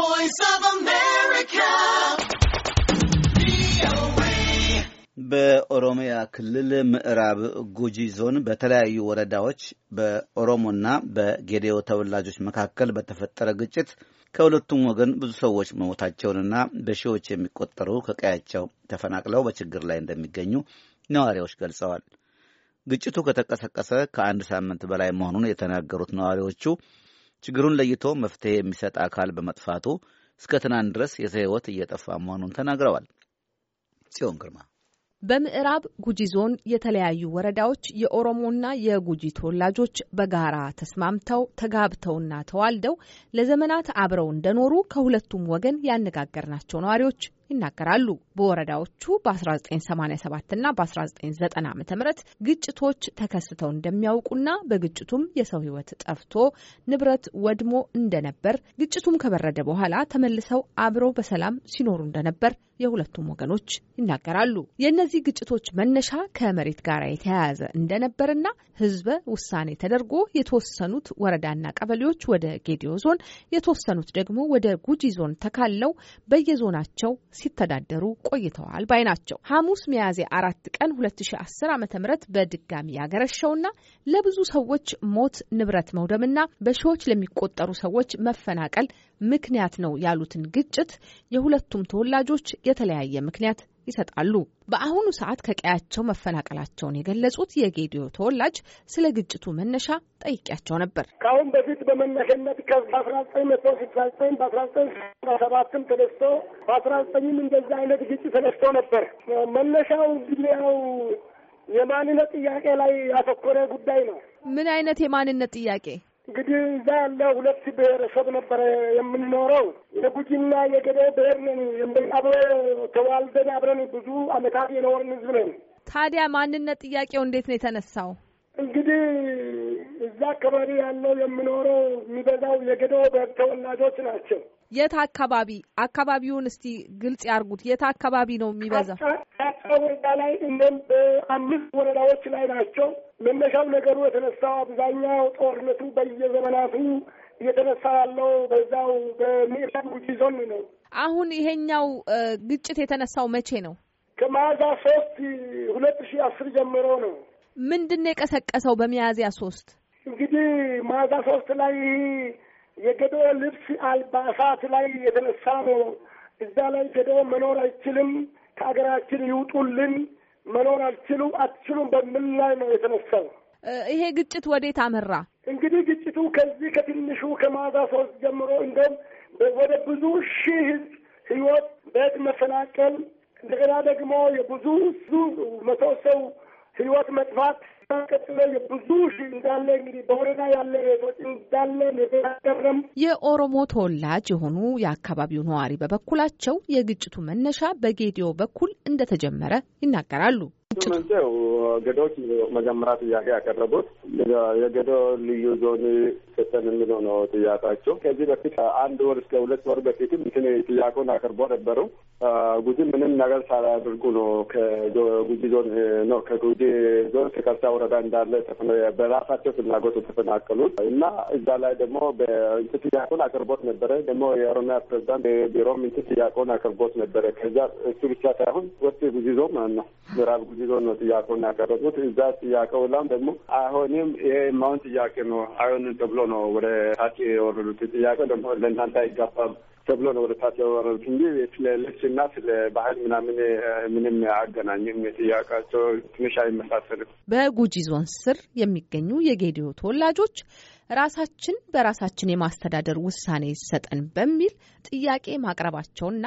voice በኦሮሚያ ክልል ምዕራብ ጉጂ ዞን በተለያዩ ወረዳዎች በኦሮሞና በጌዴዮ ተወላጆች መካከል በተፈጠረ ግጭት ከሁለቱም ወገን ብዙ ሰዎች መሞታቸውንና በሺዎች የሚቆጠሩ ከቀያቸው ተፈናቅለው በችግር ላይ እንደሚገኙ ነዋሪዎች ገልጸዋል። ግጭቱ ከተቀሰቀሰ ከአንድ ሳምንት በላይ መሆኑን የተናገሩት ነዋሪዎቹ ችግሩን ለይቶ መፍትሄ የሚሰጥ አካል በመጥፋቱ እስከ ትናንት ድረስ የሰው ሕይወት እየጠፋ መሆኑን ተናግረዋል። ጽዮን ግርማ በምዕራብ ጉጂ ዞን የተለያዩ ወረዳዎች የኦሮሞና የጉጂ ተወላጆች በጋራ ተስማምተው ተጋብተውና ተዋልደው ለዘመናት አብረው እንደኖሩ ከሁለቱም ወገን ያነጋገርናቸው ነዋሪዎች ይናገራሉ። በወረዳዎቹ በ1987 ና በ1990 ዓ ም ግጭቶች ተከስተው እንደሚያውቁና በግጭቱም የሰው ሕይወት ጠፍቶ ንብረት ወድሞ እንደነበር ግጭቱም ከበረደ በኋላ ተመልሰው አብረው በሰላም ሲኖሩ እንደነበር የሁለቱም ወገኖች ይናገራሉ። የእነዚህ ግጭቶች መነሻ ከመሬት ጋር የተያያዘ እንደነበርና ህዝበ ውሳኔ ተደርጎ የተወሰኑት ወረዳና ቀበሌዎች ወደ ጌዲዮ ዞን የተወሰኑት ደግሞ ወደ ጉጂ ዞን ተካለው በየዞናቸው ሲተዳደሩ ቆይተዋል ባይ ናቸው። ሐሙስ ሚያዝያ አራት ቀን 2010 ዓ ም በድጋሚ ያገረሸውና ለብዙ ሰዎች ሞት፣ ንብረት መውደምና በሺዎች ለሚቆጠሩ ሰዎች መፈናቀል ምክንያት ነው ያሉትን ግጭት የሁለቱም ተወላጆች የተለያየ ምክንያት ይሰጣሉ። በአሁኑ ሰዓት ከቀያቸው መፈናቀላቸውን የገለጹት የጌዲዮ ተወላጅ ስለ ግጭቱ መነሻ ጠይቄያቸው ነበር። ከአሁን በፊት በመነሻነት በአስራ ዘጠኝ መቶ ስልሳ ዘጠኝ በአስራ ዘጠኝ ስልሳ ሰባትም ተነስቶ በአስራ ዘጠኝም እንደዛ አይነት ግጭት ተነስቶ ነበር። መነሻው እንግዲህ ያው የማንነት ጥያቄ ላይ ያተኮረ ጉዳይ ነው። ምን አይነት የማንነት ጥያቄ? እንግዲህ እዛ ያለ ሁለት ብሔረሰብ ነበረ የምንኖረው የጉጂና የገደ ብሔር ነን። ተዋልደን አብረን ብዙ አመታት የኖርን ህዝብ ነን። ታዲያ ማንነት ጥያቄው እንዴት ነው የተነሳው? እንግዲህ እዛ አካባቢ ያለው የምኖረው የሚበዛው የገዶ ተወላጆች ናቸው። የት አካባቢ አካባቢውን እስቲ ግልጽ ያርጉት። የት አካባቢ ነው የሚበዛ? ጫጫ ወረዳ ላይ እም አምስት ወረዳዎች ላይ ናቸው። መነሻው ነገሩ የተነሳው አብዛኛው ጦርነቱ በየዘመናቱ እየተነሳ ያለው በዛው በምዕራብ ጉጂ ዞን ነው። አሁን ይሄኛው ግጭት የተነሳው መቼ ነው? ከመያዛ ሶስት ሁለት ሺህ አስር ጀምሮ ነው። ምንድን ነው የቀሰቀሰው በሚያዝያ ሶስት እንግዲህ ማዛ ሶስት ላይ የገዶ ልብስ አልባሳት ላይ የተነሳ ነው። እዛ ላይ ገዶ መኖር አይችልም፣ ከሀገራችን ይውጡልን፣ መኖር አልችሉ አትችሉም በምን ላይ ነው የተነሳው። ይሄ ግጭት ወዴት አመራ? እንግዲህ ግጭቱ ከዚህ ከትንሹ ከማዛ ሶስት ጀምሮ እንደም ወደ ብዙ ሺህ ህዝብ ህይወት ቤት መፈናቀል እንደገና ደግሞ የብዙ ብዙ መቶ ሰው ህይወት መጥፋት የኦሮሞ ተወላጅ የሆኑ የአካባቢው ነዋሪ በበኩላቸው የግጭቱ መነሻ በጌዲዮ በኩል እንደተጀመረ ይናገራሉ። መንስኤው ገዳዎች መጀመሪያ ጥያቄ ያቀረቡት የገዶ ልዩ ዞን ሰጠን የሚለው ነው ጥያቄያቸው። ከዚህ በፊት አንድ ወር እስከ ሁለት ወር በፊትም እንትን ጥያቄውን አቅርቦ ነበሩ። ጉጂ ምንም ነገር ሳያደርጉ ነው ከጉጂ ዞን ነው ከጉጂ ዞን ከከርሳ ወረዳ እንዳለ በራሳቸው ፍላጎት የተፈናቀሉት እና እዛ ላይ ደግሞ በእንትን ጥያቄውን አቅርቦት ነበረ። ደግሞ የኦሮሚያ ፕሬዚዳንት ቢሮም እንትን ጥያቄውን አቅርቦት ነበረ። ከዛ እሱ ብቻ ሳይሆን ወጥ ጉዚዞ ማለት ነው ምዕራብ ጉዚዞ ነው ጥያቄውን ያቀረቡት። እዛ ጥያቄው ላም ደግሞ አይሆንም ይሄ ማውን ጥያቄ ነው አይሆንም ተብሎ ነው ወደ ታች የወረዱት። ጥያቄ ደግሞ ለእናንተ አይጋባም ተብሎ ነው ወደ ታች ያወረዱት እንጂ ስለ ልብስና ስለ ባህል ምናምን ምንም አገናኝም። የጥያቄያቸው ትንሽ አይመሳሰልም። በጉጂ ዞን ስር የሚገኙ የጌዲዮ ተወላጆች ራሳችን በራሳችን የማስተዳደር ውሳኔ ይሰጠን በሚል ጥያቄ ማቅረባቸውና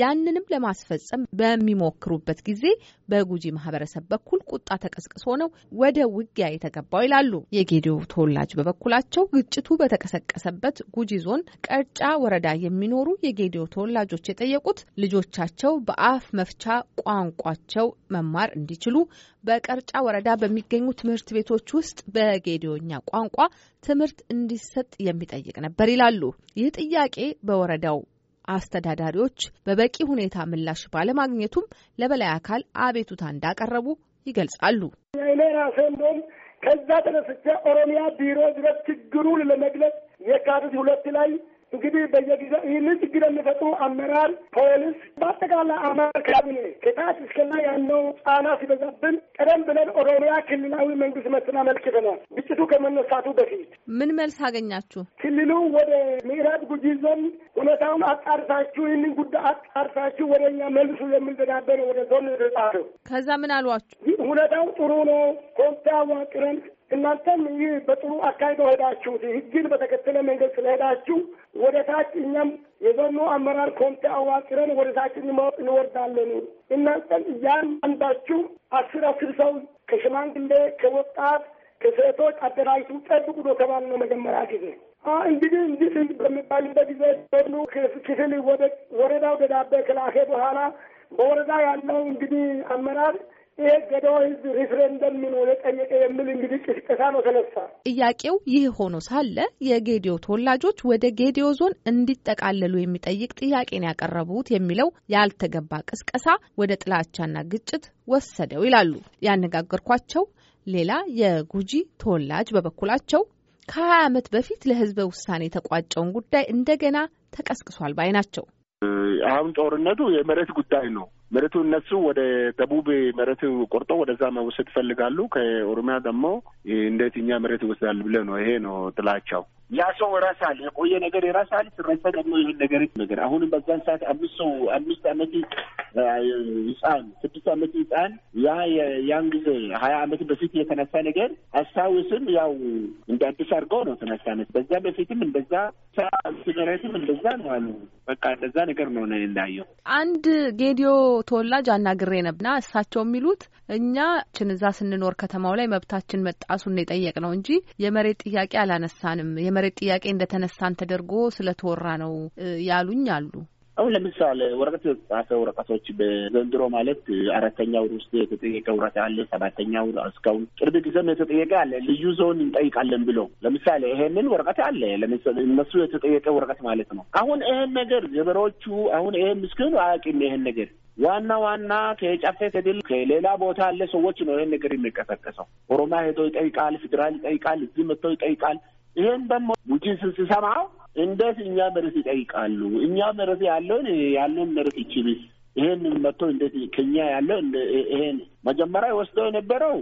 ያንንም ለማስፈጸም በሚሞክሩበት ጊዜ በጉጂ ማህበረሰብ በኩል ቁጣ ተቀስቅሶ ነው ወደ ውጊያ የተገባው ይላሉ። የጌዲዮ ተወላጅ በበኩላቸው ግጭቱ በተቀሰቀሰበት ጉጂ ዞን ቀርጫ ወረዳ የሚኖሩ የጌዲዮ ተወላጆች የጠየቁት ልጆቻቸው በአፍ መፍቻ ቋንቋቸው መማር እንዲችሉ በቀርጫ ወረዳ በሚገኙ ትምህርት ቤቶች ውስጥ በጌዲዮኛ ቋንቋ ትምህርት እንዲሰጥ የሚጠይቅ ነበር ይላሉ። ይህ ጥያቄ በወረዳው አስተዳዳሪዎች በበቂ ሁኔታ ምላሽ ባለማግኘቱም ለበላይ አካል አቤቱታ እንዳቀረቡ ይገልጻሉ። እኔ ራሴ እንደውም ከዛ ተነስቼ ኦሮሚያ ቢሮ ድረስ ችግሩን ለመግለጽ የካቲት ሁለት ላይ እንግዲህ በየጊዜው ይህንን ችግር የሚፈጥሩ አመራር፣ ፖሊስ፣ በአጠቃላይ አማራ ካቢኔ ከታች እስከና ያለው ጫና ሲበዛብን ቀደም ብለን ኦሮሚያ ክልላዊ መንግስት መስና መልክተናል። ግጭቱ ከመነሳቱ በፊት ምን መልስ አገኛችሁ? ክልሉ ወደ ምዕራብ ጉጂ ዞን ሁኔታውን አጣርሳችሁ ይህንን ጉዳይ አጣርሳችሁ ወደ እኛ መልሱ የምንዘጋበ ወደ ዞን ጻፈው። ከዛ ምን አሏችሁ? ሁኔታው ጥሩ ነው ኮሚቴ ዋቅረን እናንተም ይህ በጥሩ አካሂዶ ሄዳችሁ ህግን በተከተለ መንገድ ስለሄዳችሁ ወደ ታች እኛም የዞኑ አመራር ኮሚቴ አዋቅረን ወደ ታች እንወርዳለን። እናንተም እያንዳንዳችሁ አስር አስር ሰው ከሽማግሌ፣ ከወጣት፣ ከሴቶች አደራጅቱ ጠብቁ ነው ተባልነው መጀመሪያ ጊዜ እንግዲህ እንዲህ በሚባልበት ጊዜ ዞኑ ክፍል ወደ ወረዳው ደዳበ ከላከ በኋላ በወረዳ ያለው እንግዲህ አመራር ይሄ ገዳዋ ህዝብ ምን ነው የጠየቀ የሚል እንግዲህ ቅስቀሳ ነው ተነሳ። ጥያቄው ይህ ሆኖ ሳለ የጌዲዮ ተወላጆች ወደ ጌዲዮ ዞን እንዲጠቃለሉ የሚጠይቅ ጥያቄን ያቀረቡት የሚለው ያልተገባ ቅስቀሳ ወደ ጥላቻና ግጭት ወሰደው ይላሉ። ያነጋገርኳቸው ሌላ የጉጂ ተወላጅ በበኩላቸው ከሀያ ዓመት በፊት ለህዝበ ውሳኔ የተቋጨውን ጉዳይ እንደገና ተቀስቅሷል ባይ ናቸው። አሁን ጦርነቱ የመሬት ጉዳይ ነው። መሬቱ እነሱ ወደ ደቡብ መሬት ቆርጦ ወደዛ መውሰድ ይፈልጋሉ። ከኦሮሚያ ደግሞ እንዴት እኛ መሬት ይወስዳል ብለ ነው። ይሄ ነው ጥላቻው። ያ ሰው ይረሳል። የቆየ ነገር ይረሳል። ስረሳ ደግሞ ይህን ነገር ነገር አሁንም በዛን ሰዓት አምስት ሰው አምስት አመት ህፃን ስድስት አመት ህፃን ያ ያን ጊዜ ሀያ አመት በፊት የተነሳ ነገር አስታውስም ያው እንደ አዲስ አድርገው ነው ተነሳ ነት በዛ በፊትም እንደዛ ሲገረትም እንደዛ ነው አሉ። በቃ እንደዛ ነገር ነው ነ እንዳየው አንድ ጌዲዮ ተወላጅ አናግሬ ነብና እሳቸው የሚሉት እኛ ችን እዛ ስንኖር ከተማው ላይ መብታችን መጣሱን የጠየቅ ነው እንጂ የመሬት ጥያቄ አላነሳንም የመሬት ጥያቄ እንደተነሳን ተደርጎ ስለተወራ ነው ያሉኝ አሉ። አሁን ለምሳሌ ወረቀት የተጻፈ ወረቀቶች በዘንድሮ ማለት አራተኛ ወር ውስጥ የተጠየቀ ውረት አለ። ሰባተኛ ወር እስካሁን ቅርብ ጊዜም የተጠየቀ አለ። ልዩ ዞን እንጠይቃለን ብሎ ለምሳሌ ይሄንን ወረቀት አለ። እነሱ የተጠየቀ ወረቀት ማለት ነው። አሁን ይሄን ነገር ገበሬዎቹ አሁን ይሄን ምስኪኑ አያውቅም ይሄን ነገር ዋና ዋና ከጨፌ ከድል ከሌላ ቦታ ያለ ሰዎች ነው ይህን ነገር የሚቀሰቀሰው። ኦሮሚያ ሄዶ ይጠይቃል፣ ፌዴራል ይጠይቃል፣ እዚህ መጥተው ይጠይቃል። ይሄን ደግሞ ውጪ ስሰማው እንዴት እኛ መሬት ይጠይቃሉ? እኛ መሬት ያለውን ያለን መሬት ይችልስ ይሄን መጥቶ እንዴት ከኛ ያለው ይሄን መጀመሪያ ወስዶ የነበረው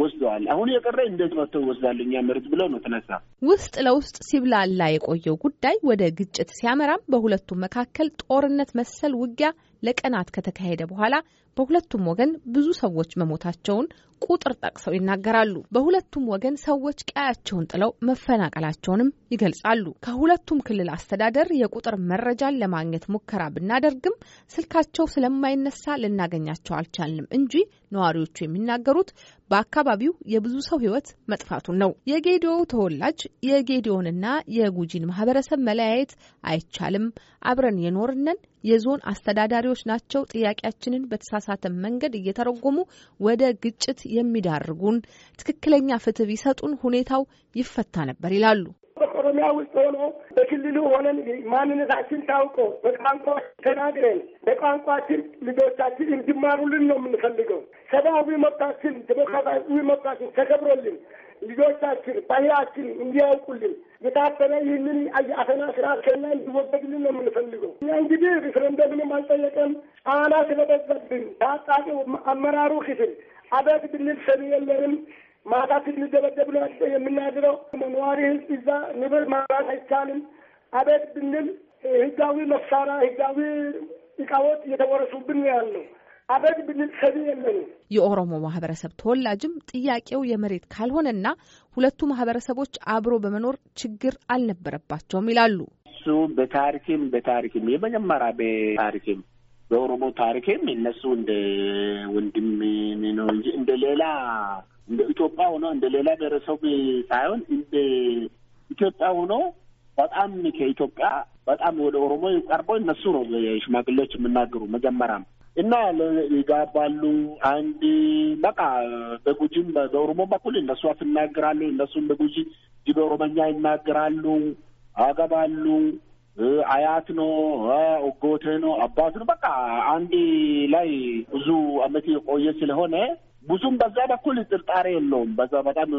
ወስደዋል። አሁን የቀረ እንዴት መጥቶ ይወስዳል እኛ መሬት ብለው ነው ተነሳ። ውስጥ ለውስጥ ሲብላላ የቆየው ጉዳይ ወደ ግጭት ሲያመራም በሁለቱም መካከል ጦርነት መሰል ውጊያ ለቀናት ከተካሄደ በኋላ በሁለቱም ወገን ብዙ ሰዎች መሞታቸውን ቁጥር ጠቅሰው ይናገራሉ። በሁለቱም ወገን ሰዎች ቀያቸውን ጥለው መፈናቀላቸውንም ይገልጻሉ። ከሁለቱም ክልል አስተዳደር የቁጥር መረጃን ለማግኘት ሙከራ ብናደርግም ስልካቸው ስለማይነሳ ልናገኛቸው አልቻልንም እንጂ ነዋሪዎቹ የሚናገሩት በአካባቢው የብዙ ሰው ሕይወት መጥፋቱን ነው። የጌዲዮ ተወላጅ የጌዲዮንና የጉጂን ማህበረሰብ መለያየት አይቻልም፣ አብረን የኖርነን የዞን አስተዳዳሪዎች ናቸው ጥያቄያችንን በተሳሳተ መንገድ እየተረጎሙ ወደ ግጭት የሚዳርጉን፣ ትክክለኛ ፍትህ ቢሰጡን ሁኔታው ይፈታ ነበር ይላሉ። በኦሮሚያ ውስጥ ሆኖ በክልሉ ሆነን ማንነታችን ታውቆ በቋንቋ ተናግረን በቋንቋችን ልጆቻችን እንዲማሩልን ነው የምንፈልገው። ሰብአዊ መብታችን ዲሞክራሲያዊ መብታችን ተከብሮልን ልጆቻችን ባህላችን እንዲያውቁልን የታፈነ ይህንን አፈና ስርዓት ከኛ እንዲወገድልን ነው የምንፈልገው። እኛ እንግዲህ ሪፍረንደምንም አልጠየቀም። ጫና ስለበዛብን ታጣቂ አመራሩ ክፍል አበግ ብንል ሰሚ የለንም። ማታ ስንደበደብ ነው የምናድረው። ነዋሪ ህዝብ እዛ ንብር ማራት አይቻልም። አበግ ብንል ህጋዊ መሳሪያ፣ ህጋዊ እቃዎች እየተወረሱብን ነው ያለው። አበግ ብንል ሰሚ የለንም። የኦሮሞ ማህበረሰብ ተወላጅም ጥያቄው የመሬት ካልሆነና ሁለቱ ማህበረሰቦች አብሮ በመኖር ችግር አልነበረባቸውም ይላሉ። እሱ በታሪክም በታሪክም የመጀመሪያ በታሪክም በኦሮሞ ታሪክም እነሱ እንደ ወንድም ነው እንጂ እንደ ሌላ እንደ ኢትዮጵያ ሆኖ እንደ ሌላ ብሔረሰብ ሳይሆን እንደ ኢትዮጵያ ሆኖ በጣም ከኢትዮጵያ በጣም ወደ ኦሮሞ ቀርቦ እነሱ ነው ሽማግሌዎች የምናገሩ መጀመሪያም እና ይጋባሉ። አንድ በቃ በጉጂም በኦሮሞ በኩል እነሱ አስናግራሉ፣ እነሱም በጉጂ በኦሮመኛ ይናገራሉ። አገባሉ፣ አያት ነው፣ ኦጎቴ ነው፣ አባት ነው። በቃ አንድ ላይ ብዙ አመት የቆየ ስለሆነ ብዙም በዛ በኩል ጥርጣሬ የለውም። በዛ በጣም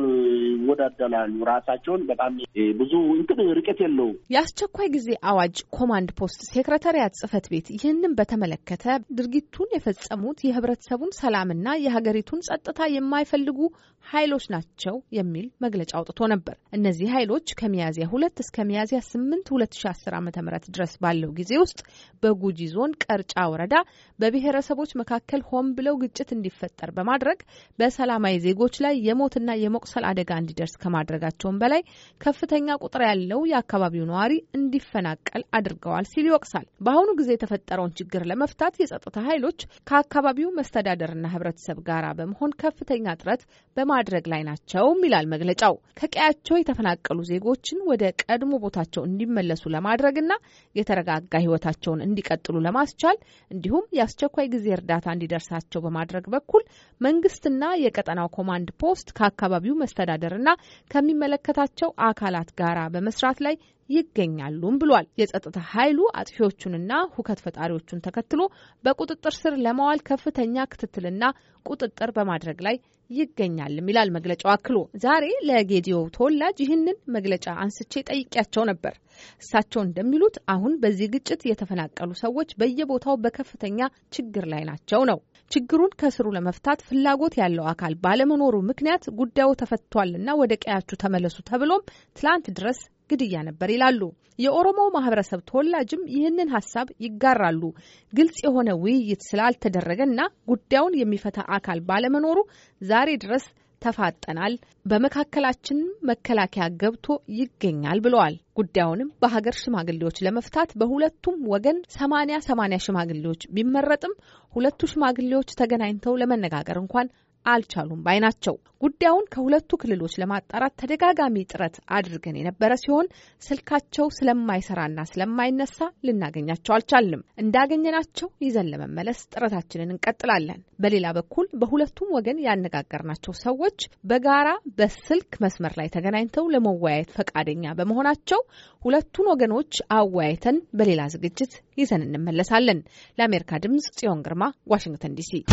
ይወዳደላሉ ራሳቸውን በጣም ብዙ እንትን ርቀት የለውም። የአስቸኳይ ጊዜ አዋጅ ኮማንድ ፖስት ሴክረታሪያት ጽህፈት ቤት ይህንን በተመለከተ ድርጊቱን የፈጸሙት የህብረተሰቡን ሰላምና የሀገሪቱን ጸጥታ የማይፈልጉ ኃይሎች ናቸው የሚል መግለጫ አውጥቶ ነበር። እነዚህ ኃይሎች ከሚያዝያ ሁለት እስከ ሚያዝያ ስምንት ሁለት ሺ አስር ዓመተ ምህረት ድረስ ባለው ጊዜ ውስጥ በጉጂ ዞን ቀርጫ ወረዳ በብሔረሰቦች መካከል ሆን ብለው ግጭት እንዲፈጠር በማድረግ በማድረግ በሰላማዊ ዜጎች ላይ የሞትና የመቁሰል አደጋ እንዲደርስ ከማድረጋቸውም በላይ ከፍተኛ ቁጥር ያለው የአካባቢው ነዋሪ እንዲፈናቀል አድርገዋል ሲል ይወቅሳል። በአሁኑ ጊዜ የተፈጠረውን ችግር ለመፍታት የጸጥታ ኃይሎች ከአካባቢው መስተዳደርና ህብረተሰብ ጋራ በመሆን ከፍተኛ ጥረት በማድረግ ላይ ናቸውም ይላል መግለጫው። ከቀያቸው የተፈናቀሉ ዜጎችን ወደ ቀድሞ ቦታቸው እንዲመለሱ ለማድረግና የተረጋጋ ህይወታቸውን እንዲቀጥሉ ለማስቻል እንዲሁም የአስቸኳይ ጊዜ እርዳታ እንዲደርሳቸው በማድረግ በኩል መንግስት መንግስትና የቀጠናው ኮማንድ ፖስት ከአካባቢው መስተዳደርና ከሚመለከታቸው አካላት ጋር በመስራት ላይ ይገኛሉም ብሏል። የጸጥታ ኃይሉ አጥፊዎቹንና ሁከት ፈጣሪዎቹን ተከትሎ በቁጥጥር ስር ለማዋል ከፍተኛ ክትትልና ቁጥጥር በማድረግ ላይ ይገኛልም ይላል መግለጫው አክሎ። ዛሬ ለጌዲዮ ተወላጅ ይህንን መግለጫ አንስቼ ጠይቄያቸው ነበር። እሳቸው እንደሚሉት አሁን በዚህ ግጭት የተፈናቀሉ ሰዎች በየቦታው በከፍተኛ ችግር ላይ ናቸው ነው። ችግሩን ከስሩ ለመፍታት ፍላጎት ያለው አካል ባለመኖሩ ምክንያት ጉዳዩ ተፈቷልና ወደ ቀያችሁ ተመለሱ ተብሎም ትላንት ድረስ ግድያ ነበር ይላሉ። የኦሮሞ ማህበረሰብ ተወላጅም ይህንን ሀሳብ ይጋራሉ። ግልጽ የሆነ ውይይት ስላልተደረገ እና ጉዳዩን የሚፈታ አካል ባለመኖሩ ዛሬ ድረስ ተፋጠናል፣ በመካከላችን መከላከያ ገብቶ ይገኛል ብለዋል። ጉዳዩንም በሀገር ሽማግሌዎች ለመፍታት በሁለቱም ወገን ሰማኒያ ሰማኒያ ሽማግሌዎች ቢመረጥም ሁለቱ ሽማግሌዎች ተገናኝተው ለመነጋገር እንኳን አልቻሉም ባይ ናቸው። ጉዳዩን ከሁለቱ ክልሎች ለማጣራት ተደጋጋሚ ጥረት አድርገን የነበረ ሲሆን ስልካቸው ስለማይሰራና ስለማይነሳ ልናገኛቸው አልቻልንም። እንዳገኘናቸው ይዘን ለመመለስ ጥረታችንን እንቀጥላለን። በሌላ በኩል በሁለቱም ወገን ያነጋገርናቸው ሰዎች በጋራ በስልክ መስመር ላይ ተገናኝተው ለመወያየት ፈቃደኛ በመሆናቸው ሁለቱን ወገኖች አወያይተን በሌላ ዝግጅት ይዘን እንመለሳለን። ለአሜሪካ ድምጽ ጽዮን ግርማ ዋሽንግተን ዲሲ